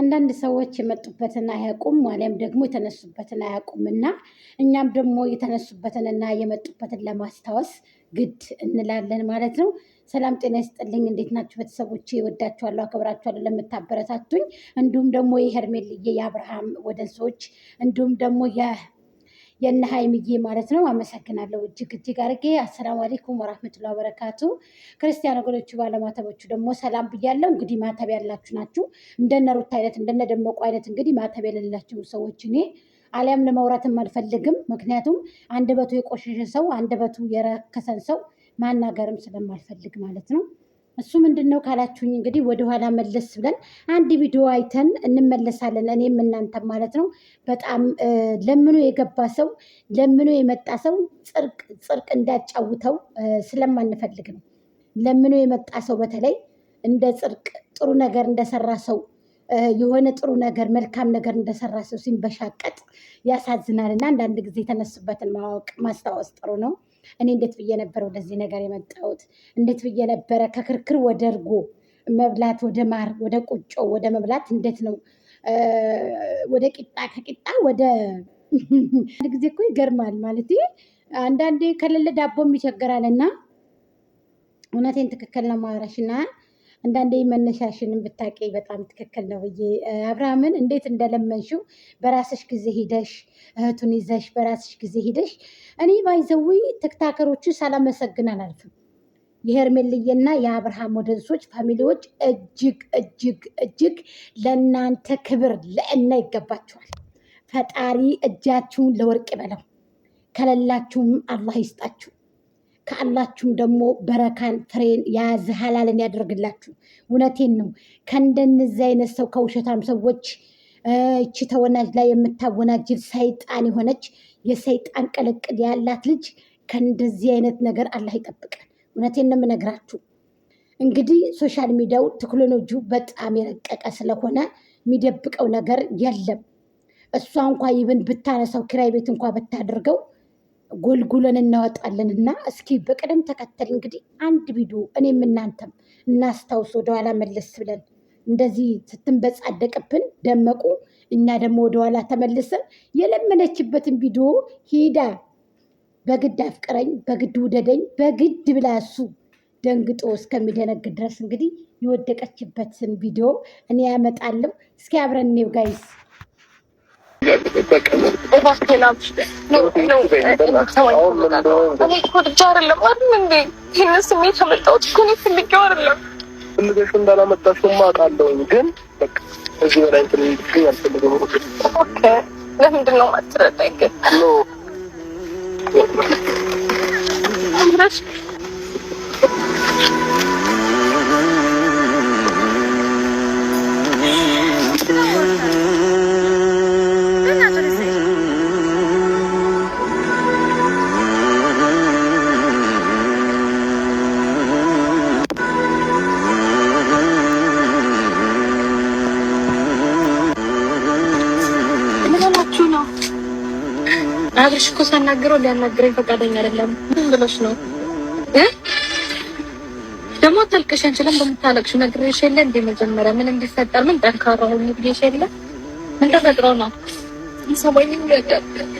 አንዳንድ ሰዎች የመጡበትን አያውቁም፣ አሊያም ደግሞ የተነሱበትን አያውቁም እና እኛም ደግሞ የተነሱበትንና የመጡበትን ለማስታወስ ግድ እንላለን ማለት ነው። ሰላም ጤና ይስጥልኝ። እንዴት ናችሁ ቤተሰቦቼ? ወዳችኋለሁ፣ አክብራችኋለሁ ለምታበረታቱኝ እንዲሁም ደግሞ የሄርሜልዬ የአብርሃም ሰዎች እንዲሁም ደግሞ የነ ሀይሚዬ ማለት ነው። አመሰግናለሁ እጅግ እጅግ አርጌ። አሰላሙ አለይኩም ወራህመቱላ በረካቱ። ክርስቲያን ወገኖቹ ባለማተቦቹ ደግሞ ሰላም ብያለሁ። እንግዲህ ማተብ ያላችሁ ናችሁ እንደነ ሩት አይነት እንደነ ደመቁ አይነት እንግዲህ ማተብ የሌላችሁ ሰዎች እኔ አሊያም ለመውራትም አልፈልግም። ምክንያቱም አንደበቱ የቆሸሸ ሰው አንደበቱ የረከሰን ሰው ማናገርም ስለማልፈልግ ማለት ነው። እሱ ምንድን ነው ካላችሁኝ እንግዲህ ወደኋላ መለስ ብለን አንድ ቪዲዮ አይተን እንመለሳለን። እኔም እናንተም ማለት ነው። በጣም ለምኖ የገባ ሰው ለምኖ የመጣ ሰው ጽርቅ ጽርቅ እንዳጫውተው ስለማንፈልግ ነው። ለምኖ የመጣ ሰው በተለይ እንደ ጽርቅ ጥሩ ነገር እንደሰራ ሰው የሆነ ጥሩ ነገር መልካም ነገር እንደሰራ ሰው ሲበሻቀጥ ያሳዝናል። እና አንዳንድ ጊዜ የተነሱበትን ማወቅ ማስታወስ ጥሩ ነው። እኔ እንዴት ብዬ ነበር ወደዚህ ነገር የመጣሁት? እንዴት ብዬ ነበረ ከክርክር ወደ እርጎ መብላት ወደ ማር ወደ ቁጮ ወደ መብላት እንዴት ነው ወደ ቂጣ ከቂጣ ወደ አንድ ጊዜ እኮ ይገርማል ማለት አንዳንዴ ከሌለ ዳቦም ይቸገራል እና እውነቴን ትክክል ነው ማረሽና አንዳንዴ መነሻሽን ብታውቂ በጣም ትክክል ነው ብዬ አብርሃምን እንዴት እንደለመንሽው በራስሽ ጊዜ ሂደሽ እህቱን ይዘሽ በራስሽ ጊዜ ሂደሽ እኔ ባይዘዊ ተክታከሮቹ ሳላመሰግን አላልፍም። የሄርሜልዬና የአብርሃም ወደንሶች ፋሚሊዎች እጅግ እጅግ እጅግ ለእናንተ ክብር ለእና ይገባችኋል። ፈጣሪ እጃችሁን ለወርቅ በለው ከሌላችሁም አላህ ይስጣችሁ። ከአላችሁም ደግሞ በረካን ፍሬን የያዘ ሀላልን ያደርግላችሁ። እውነቴን ነው። ከእንደነዚህ አይነት ሰው ከውሸታም ሰዎች እቺ ተወናጅ ላይ የምታወናጅል ሰይጣን የሆነች የሰይጣን ቅልቅል ያላት ልጅ ከእንደዚህ አይነት ነገር አላህ ይጠብቀን። እውነቴን ነው የምነግራችሁ። እንግዲህ ሶሻል ሚዲያው ቴክኖሎጂው በጣም የረቀቀ ስለሆነ የሚደብቀው ነገር የለም። እሷ እንኳ ይብን ብታነሳው ኪራይ ቤት እንኳ ብታደርገው ጎልጉለን እናወጣለን እና እስኪ በቅደም ተከተል እንግዲህ አንድ ቪዲዮ እኔም እናንተም እናስታውስ ወደኋላ መለስ ብለን እንደዚህ ስትንበጻደቅብን ደመቁ እኛ ደግሞ ወደኋላ ተመልሰን የለመነችበትን ቪዲዮ ሂዳ በግድ አፍቅረኝ፣ በግድ ውደደኝ፣ በግድ ብላ እሱ ደንግጦ እስከሚደነግ ድረስ እንግዲህ የወደቀችበትን ቪዲዮ እኔ ያመጣለሁ። እስኪ አብረን ኔው ጋይስ ስሜት ያመጣሁት እኮ እኔ ፈልጌው አይደለም። ፈልገሽ እንዳላመጣሽማ አውቃለሁኝ፣ ግን እዚህ በላይ እንድትገኝ አልፈልግም። ለምንድን ነው የማትረዳኝ ግን? አብርሽ እኮ ሳናግረው ሊያናግረኝ ፈቃደኛ አይደለም። ምን ብለሽ ነው እ ደግሞ አታልቅሽ አንችልም። በምታለቅሽ ነግሬሽ የለ እንዴ? መጀመሪያ ምን እንዲፈጠር ምን ጠንካራ ሆኜ ብዬሽ የለ ምን ተፈጥሮ ነው ሰባኝ እንደሚቀበለኝ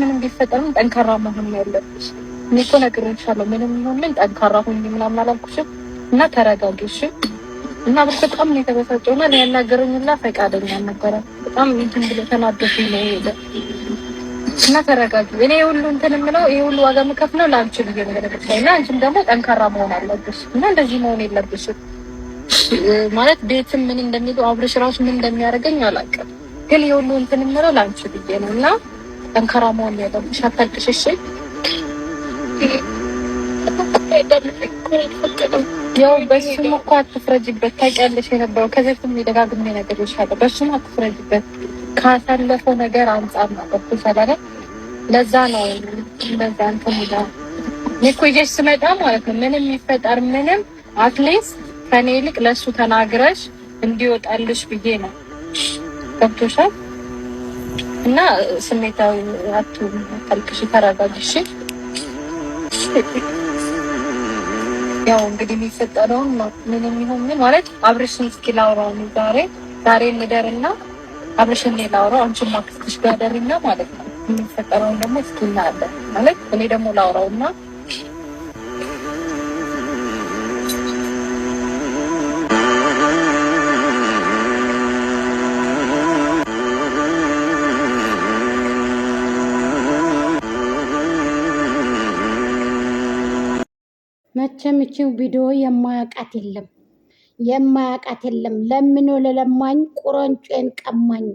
ምን እንዲፈጠር ምን ጠንካራ መሆን ያለብሽ እኔ እኮ ነግሬሻለሁ። ምንም ይሁን ምን ጠንካራ ሆኝ ምናምን አላልኩሽም እና ተረጋግሽ እና በጣም ነው የተበሳጨው እና ሊያናገረኝ ፈቃደኛ ነበረ። በጣም እንትን ብለ ተናደፉ ነው የሄደ እና ተረጋጊ። እኔ ሁሉ እንትን የምለው ይሄ ሁሉ ዋጋ የምከፍለው ለአንቺ ብዬ ነገረኝ እና አንቺም ደግሞ ጠንካራ መሆን አለብሽ እና እንደዚህ መሆን የለብሽም ማለት ቤትም ምን እንደሚሉ አብረሽ ራሱ ምን እንደሚያደርገኝ አላውቅም፣ ግን ይሄ ሁሉ እንትን የምለው ለአንቺ ብዬ ነው እና ጠንካራ መሆን ያለብሽ አታልቅሽ ያው በሱም እኮ አትፍረጅበት። ታውቂያለሽ የነበረው ከዚህ በፊት የደጋግሜ ነገር ይሻለ በሱም አትፍረጅበት። ካሳለፈው ነገር አንጻር ነው ገብቶሻል። ለዛ ነው ለዛ እንትን ሄዳ እኮ ይዤሽ ስመጣ ማለት ነው ምንም የሚፈጠር ምንም አትሊስት ከኔ ይልቅ ለእሱ ተናግረሽ እንዲወጣልሽ ብዬ ነው። ገብቶሻል እና ስሜታዊ አቱ ተልክሽ ተረጋግሽ ያው እንግዲህ የሚፈጠረውን ምን የሚሆን ምን ማለት አብረሽን እስኪ ላውራው ነው ዛሬ ዛሬ እንደር እና አብረሽን እኔ ላውራው አንቺን ማክስትሽ ጋደርና ማለት ነው። የሚፈጠረውን ደግሞ እስኪ እናያለን ማለት እኔ ደግሞ ላውራው እና መቼም ይቺን ቪዲዮ የማያውቃት የለም የማያውቃት የለም። ለምኖ ለለማኝ ቁረንጮን ቀማኝ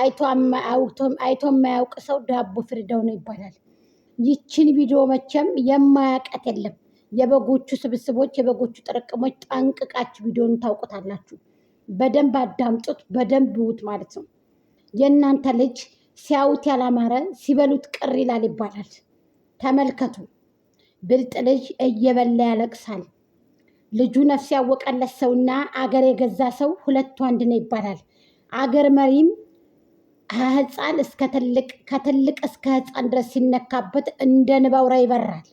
አይቶ የማያውቅ ሰው ዳቦ ፍርዳው ነው ይባላል። ይችን ቪዲዮ መቼም የማያውቃት የለም። የበጎቹ ስብስቦች፣ የበጎቹ ጥርቅሞች ጠንቅቃችሁ ቪዲዮን ታውቁታላችሁ። በደንብ አዳምጡት፣ በደንብ ውት ማለት ነው። የእናንተ ልጅ ሲያዩት ያላማረ ሲበሉት ቅር ይላል ይባላል። ተመልከቱ። ብልጥ ልጅ እየበላ ያለቅሳል። ልጁ ነፍስ ያወቀለት ሰውና አገር የገዛ ሰው ሁለቱ አንድ ነው ይባላል። አገር መሪም ከህፃን እስከ ትልቅ ከትልቅ እስከ ህፃን ድረስ ሲነካበት እንደ ንብ አውራ ይበራል።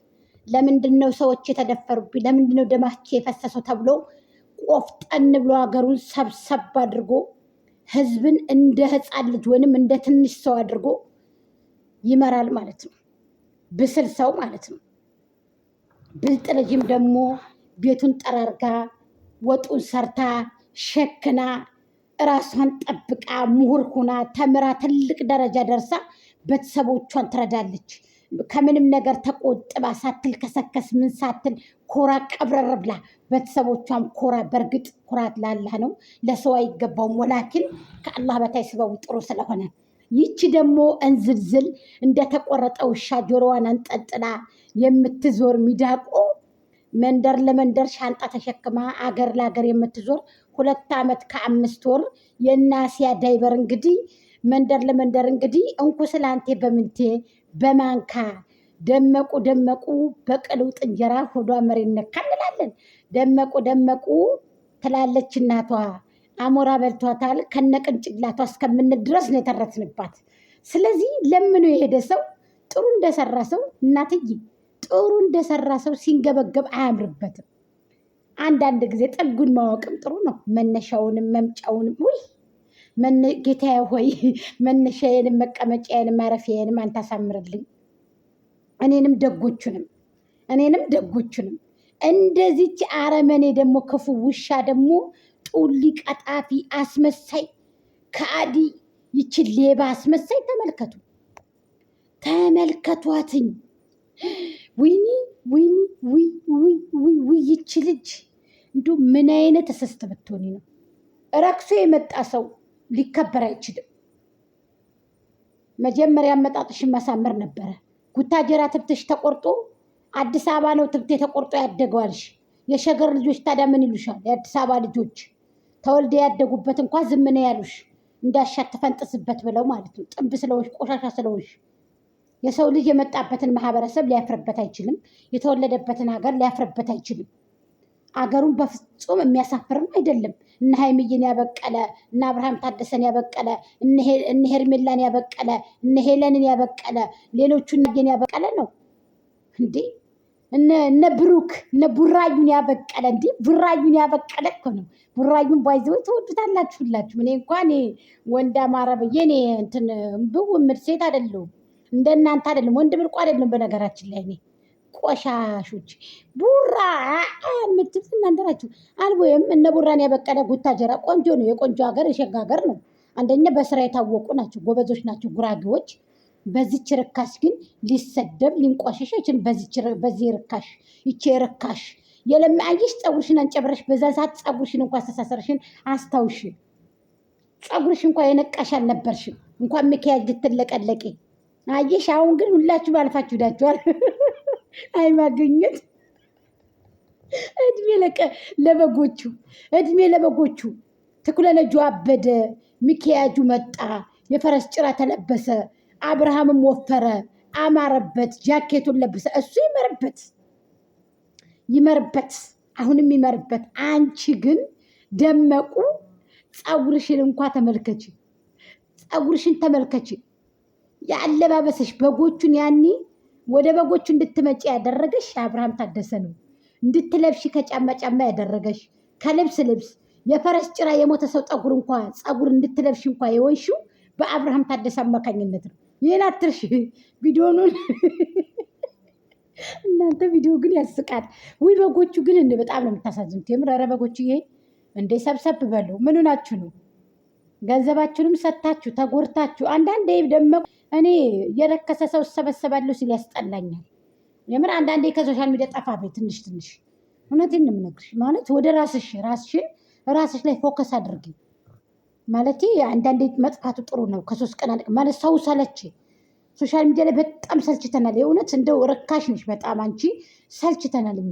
ለምንድን ነው ሰዎች የተደፈሩብኝ? ለምንድን ነው ደማቸው የፈሰሰው? ተብሎ ቆፍጠን ብሎ ሀገሩን ሰብሰብ አድርጎ ህዝብን እንደ ህፃን ልጅ ወይንም እንደ ትንሽ ሰው አድርጎ ይመራል ማለት ነው። ብስል ሰው ማለት ነው። ብልጥ ልጅም ደግሞ ቤቱን ጠራርጋ ወጡን ሰርታ ሸክና እራሷን ጠብቃ ምሁር ሁና ተምራ ትልቅ ደረጃ ደርሳ ቤተሰቦቿን ትረዳለች። ከምንም ነገር ተቆጥባ ሳትል ከሰከስ ምን ሳትል ኮራ ቀብረር ብላ ቤተሰቦቿም ኮራ። በእርግጥ ኩራት ላላህ ነው፣ ለሰው አይገባውም። ወላኪን ከአላህ በታች ስበቡ ጥሩ ስለሆነ ይቺ ደግሞ እንዝልዝል እንደተቆረጠ ውሻ ጆሮዋን አንጠልጥላ የምትዞር ሚዳቆ መንደር ለመንደር ሻንጣ ተሸክማ አገር ለአገር የምትዞር ሁለት ዓመት ከአምስት ወር የናሲያ ዳይበር እንግዲህ መንደር ለመንደር እንግዲህ እንኩ ስላንቴ በምንቴ በማንካ ደመቁ ደመቁ በቅልውጥ እንጀራ ሆዷ መሬት ነካ እንላለን። ደመቁ ደመቁ ትላለች እናቷ። አሞራ በልቷታል ከነቅንጭላቷ እስከምንል ድረስ ነው የተረትንባት። ስለዚህ ለምኖ የሄደ ሰው ጥሩ እንደሰራ ሰው እናትዬ ጥሩ እንደሰራ ሰው ሲንገበገብ አያምርበትም። አንዳንድ ጊዜ ጥጉን ማወቅም ጥሩ ነው። መነሻውንም መምጫውንም ውይ ጌታ ሆይ መነሻዬንም መቀመጫዬንም ማረፊያዬንም አንተ አሳምርልኝ። እኔንም ደጎቹንም እኔንም ደጎቹንም እንደዚች አረመኔ ደግሞ ክፉ ውሻ ደግሞ ሊቀጣፊ ቀጣፊ አስመሳይ ከአዲ ይች ሌባ አስመሳይ ተመልከቱ፣ ተመልከቷትኝ። ወይኒ ወይኒ ውይ ይች ልጅ እንዲ ምን አይነት እስስት ብትሆኒ ነው? ረክሶ የመጣ ሰው ሊከበር አይችልም። መጀመሪያ አመጣጥሽን ማሳመር ነበረ። ጉታጀራ ትብትሽ ተቆርጦ አዲስ አበባ ነው ትብቴ ተቆርጦ ያደገዋልሽ። የሸገር ልጆች ታዲያ ምን ይሉሻል? የአዲስ አበባ ልጆች ተወልደ ያደጉበት እንኳ ዝም ነው ያሉሽ። እንዳሻት ብለው ማለት ነው። ጥንብ ስለሆንሽ፣ ቆሻሻ ስለሆንሽ የሰው ልጅ የመጣበትን ማህበረሰብ ሊያፍርበት አይችልም። የተወለደበትን ሀገር ሊያፍርበት አይችልም። አገሩን በፍጹም የሚያሳፍርም አይደለም። እነ ሀይምዬን ያበቀለ እነ አብርሃም ታደሰን ያበቀለ እነ ሄርሜላን ያበቀለ እነ ሄለንን ያበቀለ ሌሎቹን ያበቀለ ነው እንዴ! እነ ብሩክ እነ ቡራዩን ያበቀለ እንዲ ቡራዩን ያበቀለ እኮ ነው። ቡራዩን ባይዘው ትወዱታላችሁ ሁላችሁም። እኔ እንኳን ወንድ አማራ ብዬ እኔ እንትን ብው ምድ ሴት አይደለሁም፣ እንደናንተ አይደለም፣ ወንድ ብልቁ አይደለም። በነገራችን ላይ እኔ ቆሻሾች ቡራ ምትል እናንተ ናችሁ። እነ ቡራን ያበቀለ ጉታጀራ ቆንጆ ነው። የቆንጆ ሀገር የሸጋ ሀገር ነው። አንደኛ በስራ የታወቁ ናቸው፣ ጎበዞች ናቸው፣ ጉራጌዎች በዚች ርካሽ ግን ሊሰደብ ሊንቋሸሽ አይችልም። በዚህ ርካሽ ይቼ ርካሽ የለማያየሽ ፀጉርሽን አንጨብረሽ በዛ ሰዓት ፀጉርሽን እንኳ አስተሳሰርሽን አስታውሽ። ፀጉርሽ እንኳ የነቃሽ አልነበርሽም እንኳ መኪያጅ ልትለቀለቂ አየሽ። አሁን ግን ሁላችሁ ባልፋችሁ ሂዳችኋል። አይ ማገኘት እድሜ ለበጎቹ እድሜ ለበጎቹ። ትኩለነጁ አበደ፣ ሚኪያጁ መጣ፣ የፈረስ ጭራ ተለበሰ። አብርሃምም ወፈረ፣ አማረበት፣ ጃኬቱን ለብሰ። እሱ ይመርበት ይመርበት፣ አሁንም ይመርበት። አንቺ ግን ደመቁ፣ ፀጉርሽን እንኳ ተመልከች፣ ፀጉርሽን ተመልከች። የአለባበሰሽ በጎቹን ያኔ ወደ በጎቹ እንድትመጪ ያደረገሽ አብርሃም ታደሰ ነው። እንድትለብሽ ከጫማ ጫማ ያደረገሽ ከልብስ ልብስ የፈረስ ጭራ የሞተ ሰው ፀጉር እንኳ ፀጉር እንድትለብሽ እንኳ የወንሽው በአብርሃም ታደሰ አማካኝነት ነው። ይህን አትርሽ። ቪዲዮኑን እናንተ ቪዲዮ ግን ያስቃል። ውይ በጎቹ ግን እንደ በጣም ነው የምታሳዝኑት። የምር ኧረ በጎቹ ይሄ እንደ ሰብሰብ በሉ። ምኑ ናችሁ ነው ገንዘባችሁንም ሰታችሁ ተጎርታችሁ። አንዳንዴ ደመ እኔ የረከሰ ሰው ሰበሰባለሁ ሲል ያስጠላኛል። የምር አንዳንዴ ከሶሻል ሚዲያ ጠፋ ቤት ትንሽ ትንሽ እውነቴን ነው የምነግርሽ። ማለት ወደ ራስሽ ራስሽን ራስሽ ላይ ፎከስ አድርጌ ማለት አንዳንዴ መጥፋቱ ጥሩ ነው። ከሶስት ቀን አለቅ ማለት ሰው ሰለች። ሶሻል ሚዲያ ላይ በጣም ሰልችተናል። የእውነት እንደው ርካሽ ነች በጣም አንቺ ሰልችተናል እኛ